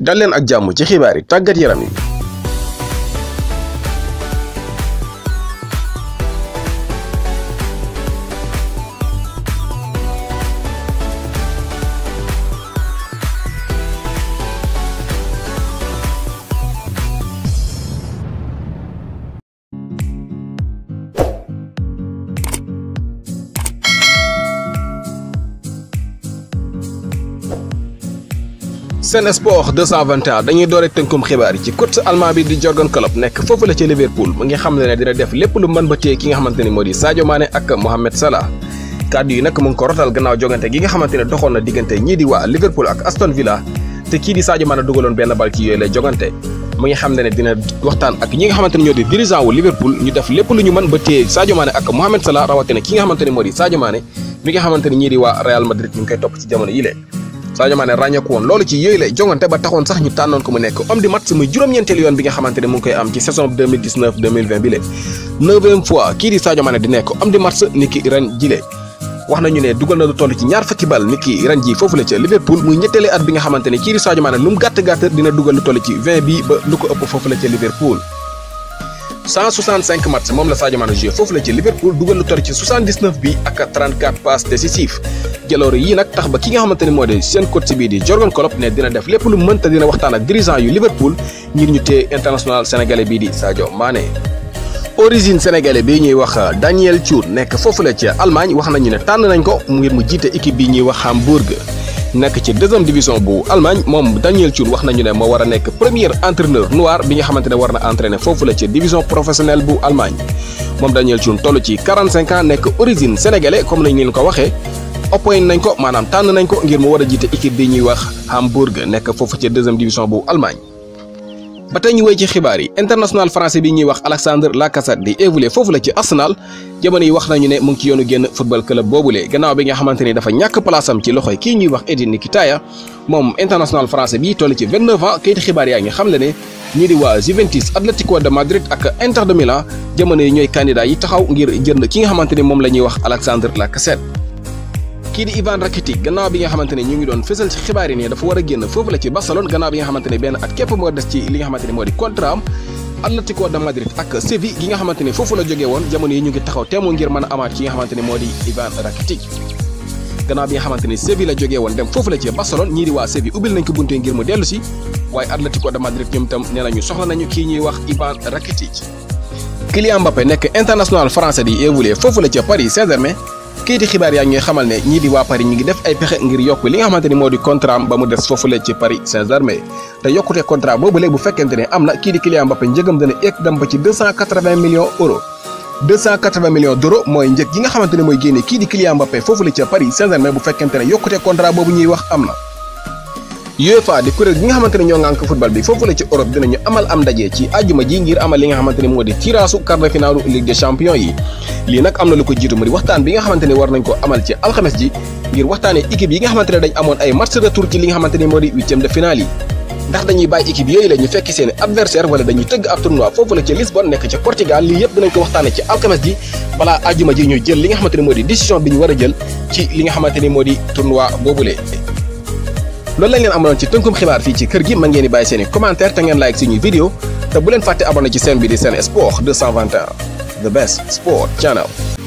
dal leen ak jàmm ci xibaar yi tàggat yaram yi. Sen Sport 221 dañuy doore tënkum xibaar yi ci coach allemand bi di Jürgen Klopp nekk foofu la ci Liverpool mu ngi xam ne dina def lépp lu mën ba téye ki ngi ko rotal gannaaw gi nga xamante ne doxoon na diggante ñii di waa Liverpool ak Aston Villa te kii di Sadio Mané dugaloon benn bal ci yooyu lay jogante mu ngi xam ne ne dina waxtaan ak ñi nga xamante ne ñoo di dirigeant wu Liverpool ñu def lépp lu ñu mën ba téye Sadio Mané ak Mohamed Salah rawatina ki nga xamante ne moo di Sadio Mané mi nga xamante ne ñii di waa Real ngi koy jamono Sadio Mané ràññeeku woon loolu ci yooyu la jongante ba taxoon sax ñu tànnoon ko mu nekk homme du match muy juróom-ñeenteelu yoon bi nga xamante mu ngi koy am ci saison 2019 2020 bi di Sadio Mané di nekk homme du match ni wax nañu ne dugal na lu toll ci ñaar fukki bal ni ki ji foofu la ca Liverpool muy ñetteeli at bi nga xamante ne kii di Sadio Mané lu mu gàtt gàtt dina dugal lu toll ci 20 ba lu ko ëpp foofu la ca Liverpool 165 match moom la Sadio Mané joué foofu la ci Liverpool dugal lu tor ci bi ak 34 passes décisives jaloore yii tax ba ki nga xamante ni moo di seen coach bi di Jurgen Klopp ne dina def lépp lu mënta dina waxtaan ak dirigeant yu Liverpool ngir ñu téye international sénégalais bii di Sadio Mané. origine sénégalais bi ñuy wax Daniel Thiour nekk foofu la ci Allemagne wax nañu ne tànn nañ ko ngir mu jiite équipe bi ñuy wax Hamburg. nekk ci deuxième division bu Allemagne moom Daniel Thioune wax nañu ne moo war a nekk premier entraîneur noir bi nga xamante ne war na entraîner foofu la ci division professionnelle bu Allemagne moom Daniel Thioune toll ci 45 ans nekk origine sénégalais comme nañ leen ko waxee oppoñ nañ ko maanaam tànn nañ ko ngir mu war a jiite équipe bi ñuy wax Hamburg nekk foofu ci deuxième division bu Allemagne. ba tey ñu wéy ci xibaar yi international français bi ñuy wax Alexandre Lacazette di évoluer foofu la ci Arsenal jamono yi wax nañu ne mu ngi ci yoonu génn football club boobule gannaaw bi nga xamante ni dafa ñàkk place am ci loxoy kii ñuy wax Edin Nketiah moom international français bi toll ci 29 xibaar yaa ngi xam le ne ñii di waa Juventus Atlético de Madrid ak Inter de Milan jamono yi ñooy candidat yi taxaw ngir jënd ki nga xamante ni moom la ñuy wax Alexandre Lacazette kii di Ivan Rakitic gannaaw bi nga xamante ñu ngi doon fësal ci xibaar yi ne dafa war a génn foofu la ci Barcelone gannaaw bi nga xamante ne benn at képp moo des ci li nga xamante ne moo di contrat am Atlético de Madrid ak Séville gi nga xamante ne foofu la jógee woon jamono yi ñu ngi taxaw teemu ngir mën a amaat ki nga xamante moo di Ivan Rakitic gannaaw bi nga xamante ne la jógee woon dem foofu la ci Barcelone ñii di waa Séville ubbil nañ ko bunte Kylian Mbappé nekk international français di évolué foofu la ca Paris Saint-Germain kayiti xibaar yaa ñuy xamal ne ñii di waa Paris ñi ngi def ay pexe ngir yokk li nga xamante moo di contrat ba mu des foofu la ci Paris saint te yokkute contrat boobu léegi bu fekkente am na kii di Kylian Mbappé njëgam dana egg dem ba ci 280 millions euros 280 millions d'euros mooy njëg yi nga xamante mooy génne kii di Kylian Mbappé foofu la ca Paris saint bu fekkente UEFA di kuréel gi nga xamante ne ñoo ngànk football bi foofu la ci Europe dinañu amal am ndaje ci àjjuma ji ngir amal li nga xamante moo di tiraasu quart de finaalu Ligue des champions yi lii nag am na lu ko jiitu mu di waxtaan bi nga xamante ne war nañ ko amal ci alxames ji ngir waxtaanee équipe yi nga xamante dañ amoon ay match retour ci li nga xamante ne moo di huitième de finale yi ndax dañuy bàyyi équipe yooyu la ñu fekki seeni adversaire wala dañuy nga xamante ne moo di décision bi ñu war lool lañ leen amaloon ci tënkum xibaar fii ci kër gi mën bàyyi seen i commentaire te ngeen like suñuy vidéo te bu leen fàtte abonné ci seen bi di seen sport 221 the best sport channel